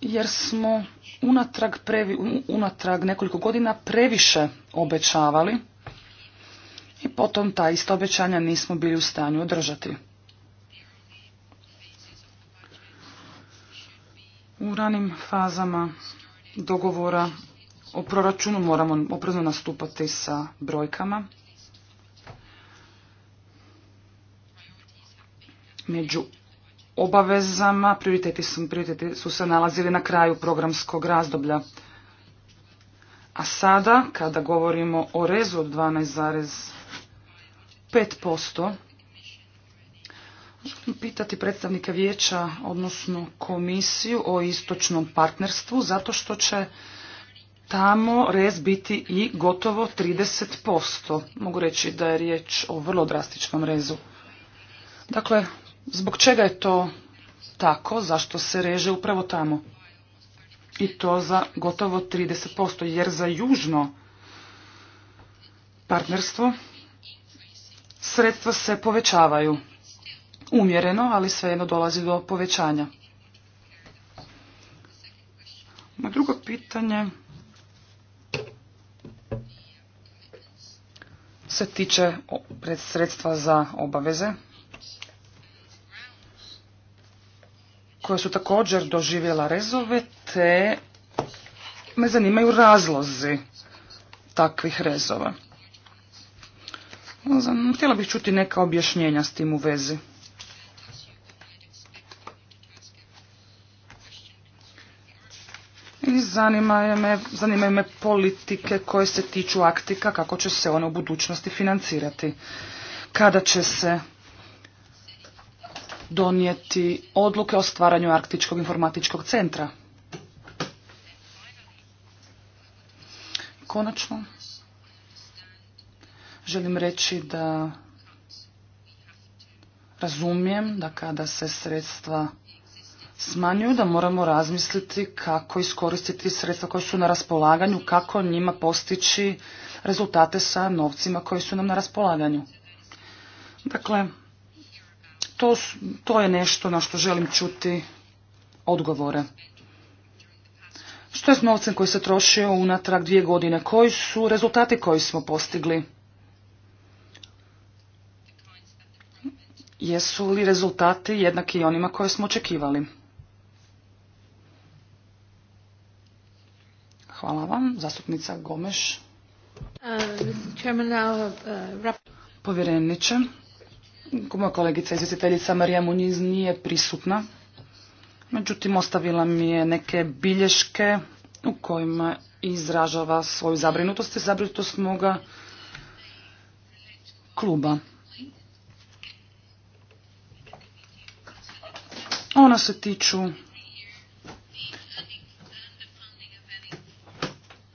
jer smo unatrag, previ, unatrag nekoliko godina previše obećavali i potom ta ista obećanja nismo bili u stanju održati. U ranim fazama dogovora o proračunu moramo oprezno nastupati sa brojkama među obavezama, prioriteti su, prioriteti su se nalazili na kraju programskog razdoblja. A sada, kada govorimo o rezu od 12,5%, želim pitati predstavnika vijeća, odnosno komisiju o istočnom partnerstvu, zato što će tamo rez biti i gotovo 30%. Mogu reći da je riječ o vrlo drastičnom rezu. Dakle, Zbog čega je to tako? Zašto se reže upravo tamo? I to za gotovo 30%, jer za južno partnerstvo sredstva se povećavaju. Umjereno, ali svejedno dolazi do povećanja. Moje drugo pitanje se tiče sredstva za obaveze. koja su također doživjela rezove, te me zanimaju razlozi takvih rezova. Htjela bih čuti neka objašnjenja s tim u vezi. I zanimaju me, me politike koje se tiču aktika, kako će se one u budućnosti financirati. Kada će se donijeti odluke o stvaranju Arktičkog informatičkog centra. Konačno, želim reći da razumijem da kada se sredstva smanjuju, da moramo razmisliti kako iskoristiti sredstva koja su na raspolaganju, kako njima postići rezultate sa novcima koji su nam na raspolaganju. Dakle, to, to je nešto na što želim čuti odgovore. Što je s novcem koji se trošio unatrag dvije godine? Koji su rezultati koji smo postigli? Jesu li rezultati jednaki onima koje smo očekivali? Hvala vam. Zastupnica Gomeš. Uh, uh, Povjereniče, moja kolegica izvjestiteljica Marija Muniz nije prisutna, međutim ostavila mi je neke bilješke u kojima izražava svoju zabrinutost i zabrinutost moga kluba. Ona se tiču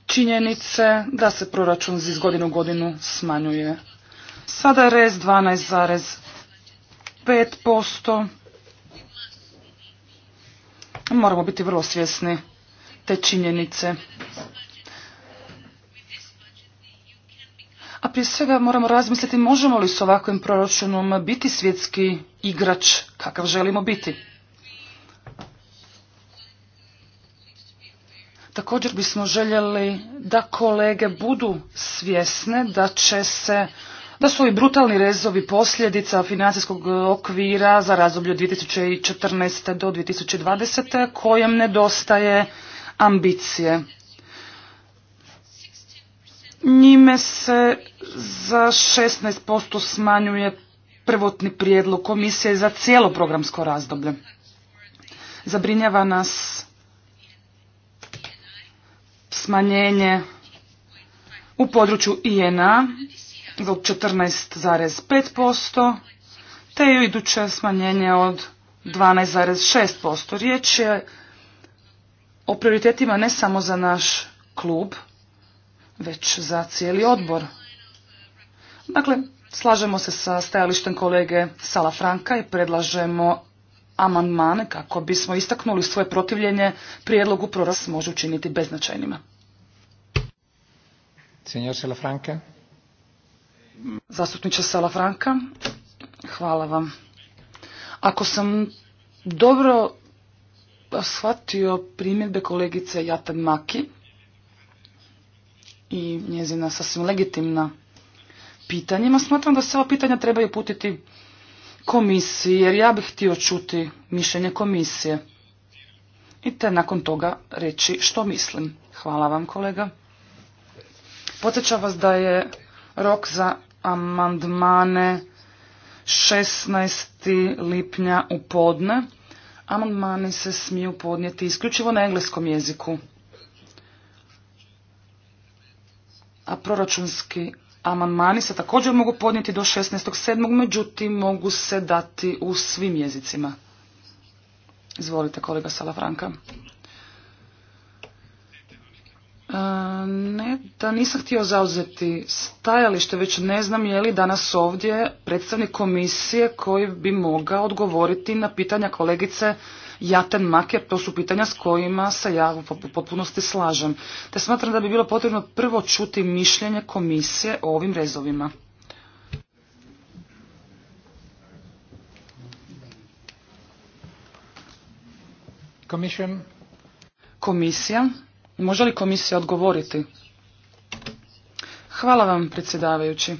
činjenice da se proračun iz godinu u godinu smanjuje. Sada je rez 5%. Moramo biti vrlo svjesni te činjenice. A prije svega moramo razmisliti možemo li s ovakvim proračunom biti svjetski igrač kakav želimo biti. Također bismo željeli da kolege budu svjesne da će se da su i brutalni rezovi posljedica financijskog e, okvira za razdoblje 2014. do 2020. kojem nedostaje ambicije. Njime se za 16% smanjuje prvotni prijedlog komisije za cijelo programsko razdoblje. Zabrinjava nas smanjenje u području INA za 14,5%, te je iduće smanjenje od 12,6%. Riječ je o prioritetima ne samo za naš klub, već za cijeli odbor. Dakle, slažemo se sa stajalištem kolege Sala Franka i predlažemo amandmane kako bismo istaknuli svoje protivljenje prijedlogu prorast može učiniti beznačajnima. Senjor Franka. Zastupniče Franka, hvala vam. Ako sam dobro shvatio primjedbe kolegice Jatan Maki i njezina sasvim legitimna pitanjima, smatram da se ova pitanja trebaju putiti komisiji, jer ja bih htio čuti mišljenje komisije i te nakon toga reći što mislim. Hvala vam kolega. Podsjećam vas da je Rok za amandmane 16. lipnja u podne. Amandmani se smiju podnijeti isključivo na engleskom jeziku. A proračunski amandmani se također mogu podnijeti do 16.7. međutim mogu se dati u svim jezicima. Izvolite kolega Salafranka. E, ne, da nisam htio zauzeti stajalište, već ne znam je li danas ovdje predstavnik komisije koji bi mogao odgovoriti na pitanja kolegice Jaten Maker, to su pitanja s kojima se ja u potpunosti slažem. Te smatram da bi bilo potrebno prvo čuti mišljenje komisije o ovim rezovima. Komisija. Može li komisija odgovoriti? Hvala vam, predsjedavajući.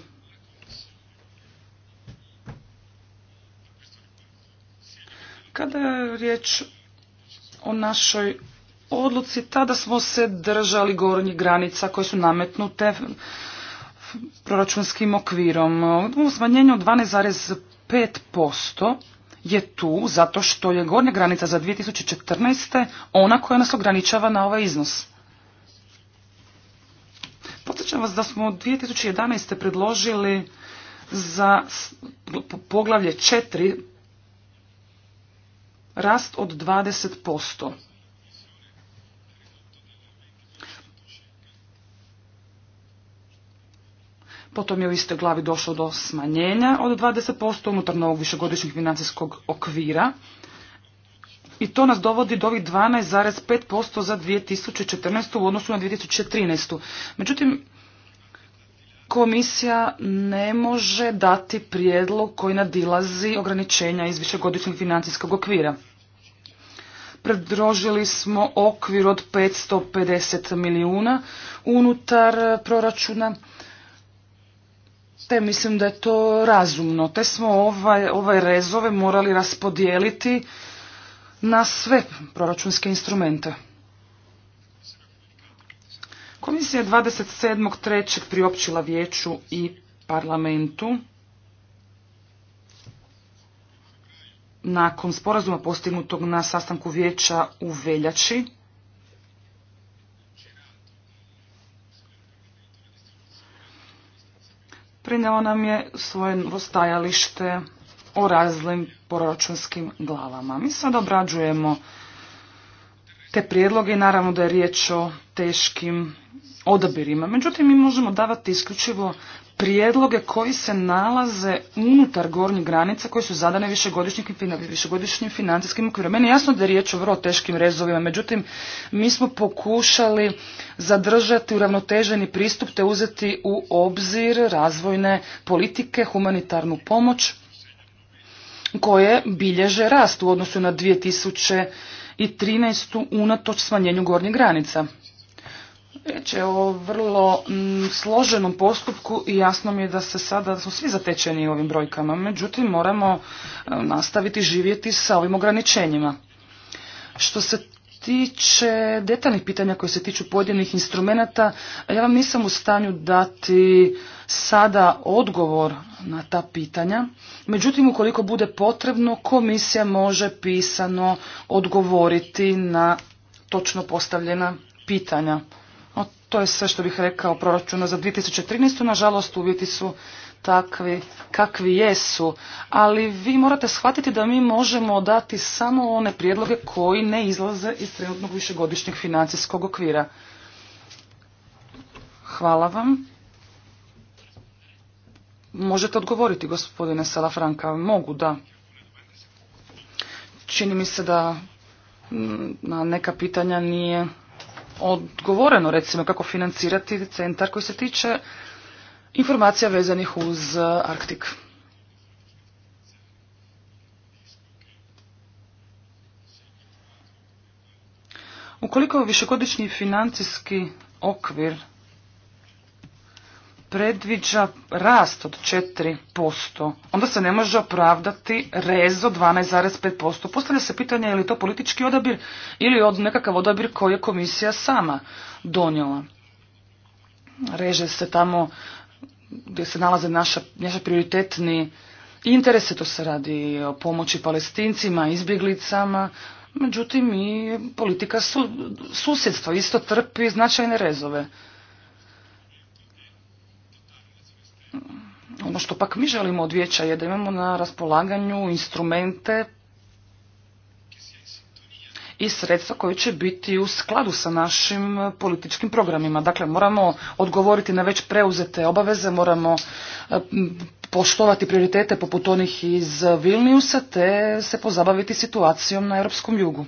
Kada je riječ o našoj odluci, tada smo se držali gornjih granica koje su nametnute proračunskim okvirom. U smanjenju 12,5% je tu zato što je gornja granica za 2014. ona koja nas ograničava na ovaj iznos. Podsjećam vas da smo 2011. predložili za poglavlje 4 rast od 20%. Potom je u istoj glavi došlo do smanjenja od 20% unutar novog višegodišnjeg financijskog okvira. I to nas dovodi do ovih 12,5% za 2014. u odnosu na 2013. Međutim, komisija ne može dati prijedlog koji nadilazi ograničenja iz višegodišnjeg financijskog okvira. Predložili smo okvir od 550 milijuna unutar proračuna te mislim da je to razumno. Te smo ove ovaj, ovaj rezove morali raspodijeliti na sve proračunske instrumente. Komisija je 27.3. priopćila vijeću i parlamentu nakon sporazuma postignutog na sastanku vijeća u veljači ona nam je svoje stajalište o razlim proračunskim glavama. Mi sad obrađujemo te prijedloge i naravno da je riječ o teškim odabirima. Međutim, mi možemo davati isključivo prijedloge koji se nalaze unutar gornjih granica koji su zadane višegodišnjim, višegodišnjim financijskim okvirom. Meni je jasno da je riječ o vrlo teškim rezovima, međutim mi smo pokušali zadržati uravnoteženi pristup te uzeti u obzir razvojne politike, humanitarnu pomoć koje bilježe rast u odnosu na 2013. unatoč smanjenju gornjih granica. Riječ je o vrlo mm, složenom postupku i jasno mi je da se sada, smo svi zatečeni ovim brojkama, međutim moramo e, nastaviti živjeti sa ovim ograničenjima. Što se tiče detaljnih pitanja koje se tiču pojedinih instrumenata, ja vam nisam u stanju dati sada odgovor na ta pitanja. Međutim, ukoliko bude potrebno, komisija može pisano odgovoriti na točno postavljena pitanja. No, to je sve što bih rekao proračuna za 2013. Nažalost, uvjeti su takvi kakvi jesu, ali vi morate shvatiti da mi možemo dati samo one prijedloge koji ne izlaze iz trenutnog višegodišnjeg financijskog okvira. Hvala vam. Možete odgovoriti, gospodine Salafranka. Mogu, da. Čini mi se da mm, na neka pitanja nije odgovoreno recimo kako financirati centar koji se tiče informacija vezanih uz e, Arktik. Ukoliko višegodišnji financijski okvir predviđa rast od 4%, onda se ne može opravdati rezo od 12,5%. Postavlja se pitanje je li to politički odabir ili od nekakav odabir koji je komisija sama donijela. Reže se tamo gdje se nalaze naša, naša prioritetni interese, to se radi o pomoći palestincima, izbjeglicama, međutim i politika su, susjedstva isto trpi značajne rezove. Ono što pak mi želimo od vijeća je da imamo na raspolaganju instrumente i sredstva koje će biti u skladu sa našim političkim programima. Dakle, moramo odgovoriti na već preuzete obaveze, moramo e, poštovati prioritete poput onih iz Vilniusa te se pozabaviti situacijom na europskom jugu.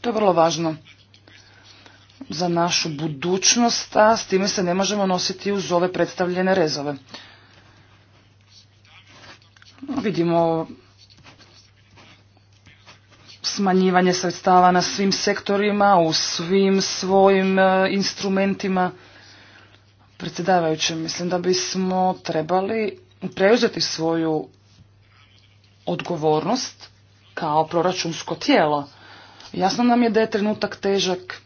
To je vrlo važno za našu budućnost, a s time se ne možemo nositi uz ove predstavljene rezove. Vidimo smanjivanje sredstava na svim sektorima, u svim svojim e, instrumentima. Predsjedavajući, mislim da bismo trebali preuzeti svoju odgovornost kao proračunsko tijelo. Jasno nam je da je trenutak težak,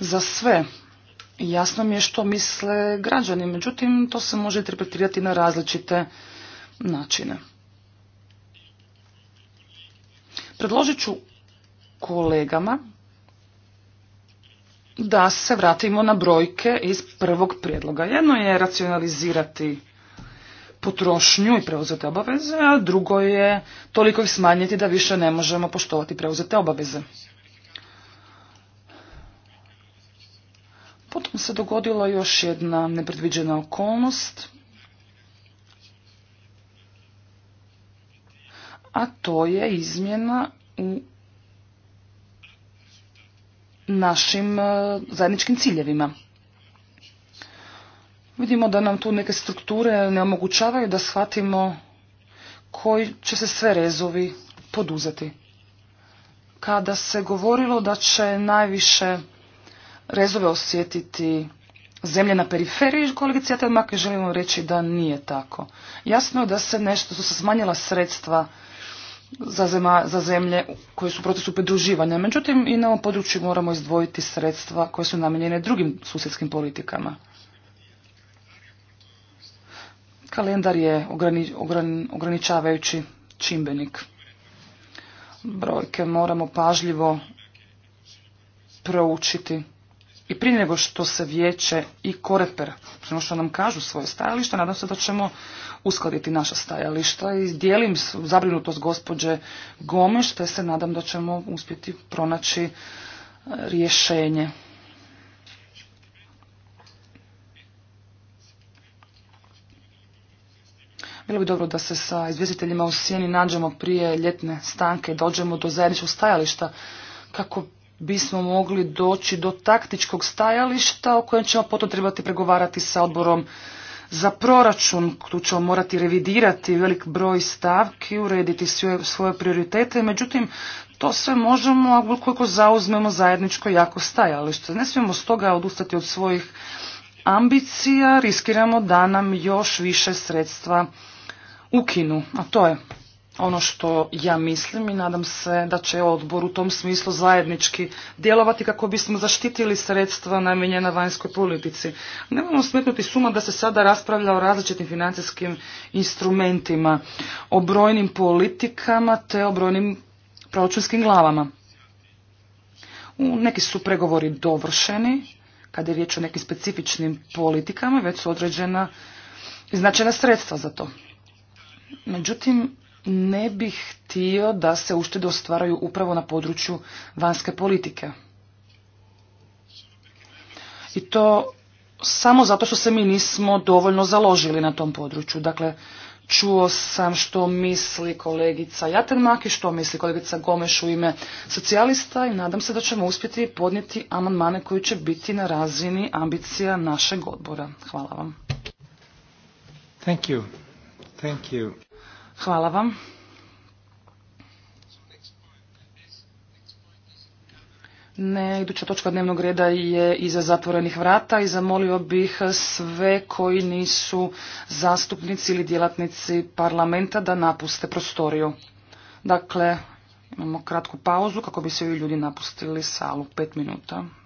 za sve. Jasno mi je što misle građani, međutim to se može interpretirati na različite načine. Predložit ću kolegama da se vratimo na brojke iz prvog prijedloga. Jedno je racionalizirati potrošnju i preuzete obaveze, a drugo je toliko ih smanjiti da više ne možemo poštovati preuzete obaveze. Potom se dogodila još jedna nepredviđena okolnost, a to je izmjena u našim e, zajedničkim ciljevima. Vidimo da nam tu neke strukture ne omogućavaju da shvatimo koji će se sve rezovi poduzeti. Kada se govorilo da će najviše rezove osjetiti zemlje na periferiji, kolegici odmah želimo reći da nije tako. Jasno je da se nešto, su se smanjila sredstva za, za zemlje koje su u procesu pridruživanja. Međutim, i na ovom području moramo izdvojiti sredstva koje su namijenjene drugim susjedskim politikama. Kalendar je ograni, ograničavajući čimbenik. Brojke moramo pažljivo proučiti. I prije nego što se vijeće i koreper, prije što nam kažu svoje stajalište, nadam se da ćemo uskladiti naša stajališta i dijelim zabrinutost gospođe Gomeš, te se nadam da ćemo uspjeti pronaći e, rješenje. Bilo bi dobro da se sa izvjestiteljima u sjeni nađemo prije ljetne stanke, dođemo do zajedničkog stajališta kako bismo mogli doći do taktičkog stajališta o kojem ćemo potom trebati pregovarati sa odborom za proračun. Tu ćemo morati revidirati velik broj stavki, urediti svoje, svoje prioritete, međutim to sve možemo ukoliko zauzmemo zajedničko jako stajalište. Ne smijemo stoga odustati od svojih ambicija, riskiramo da nam još više sredstva ukinu, a to je ono što ja mislim i nadam se da će odbor u tom smislu zajednički djelovati kako bismo zaštitili sredstva namijenjena vanjskoj politici. Nemojmo smetnuti suma da se sada raspravlja o različitim financijskim instrumentima, o brojnim politikama te o brojnim proračunskim glavama. U neki su pregovori dovršeni, kada je riječ o nekim specifičnim politikama, već su određena značajna sredstva za to. Međutim, ne bih htio da se uštede ostvaraju upravo na području vanjske politike. I to samo zato što se mi nismo dovoljno založili na tom području. Dakle, čuo sam što misli kolegica i što misli kolegica Gomeš u ime socijalista i nadam se da ćemo uspjeti podnijeti amandmane koji će biti na razini ambicija našeg odbora. Hvala vam. Thank you. Thank you. Hvala vam. Ne, iduća točka dnevnog reda je iza zatvorenih vrata i zamolio bih sve koji nisu zastupnici ili djelatnici parlamenta da napuste prostoriju. Dakle, imamo kratku pauzu kako bi se ljudi napustili salu, pet minuta.